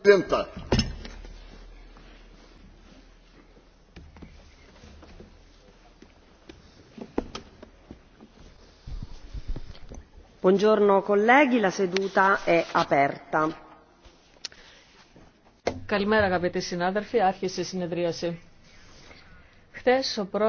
presidenta. Buongiorno colleghi, la seduta è aperta. Καλημέρα αγαπητοί συνάδελφοι, άρχισε η συνεδρίαση. Χτες ο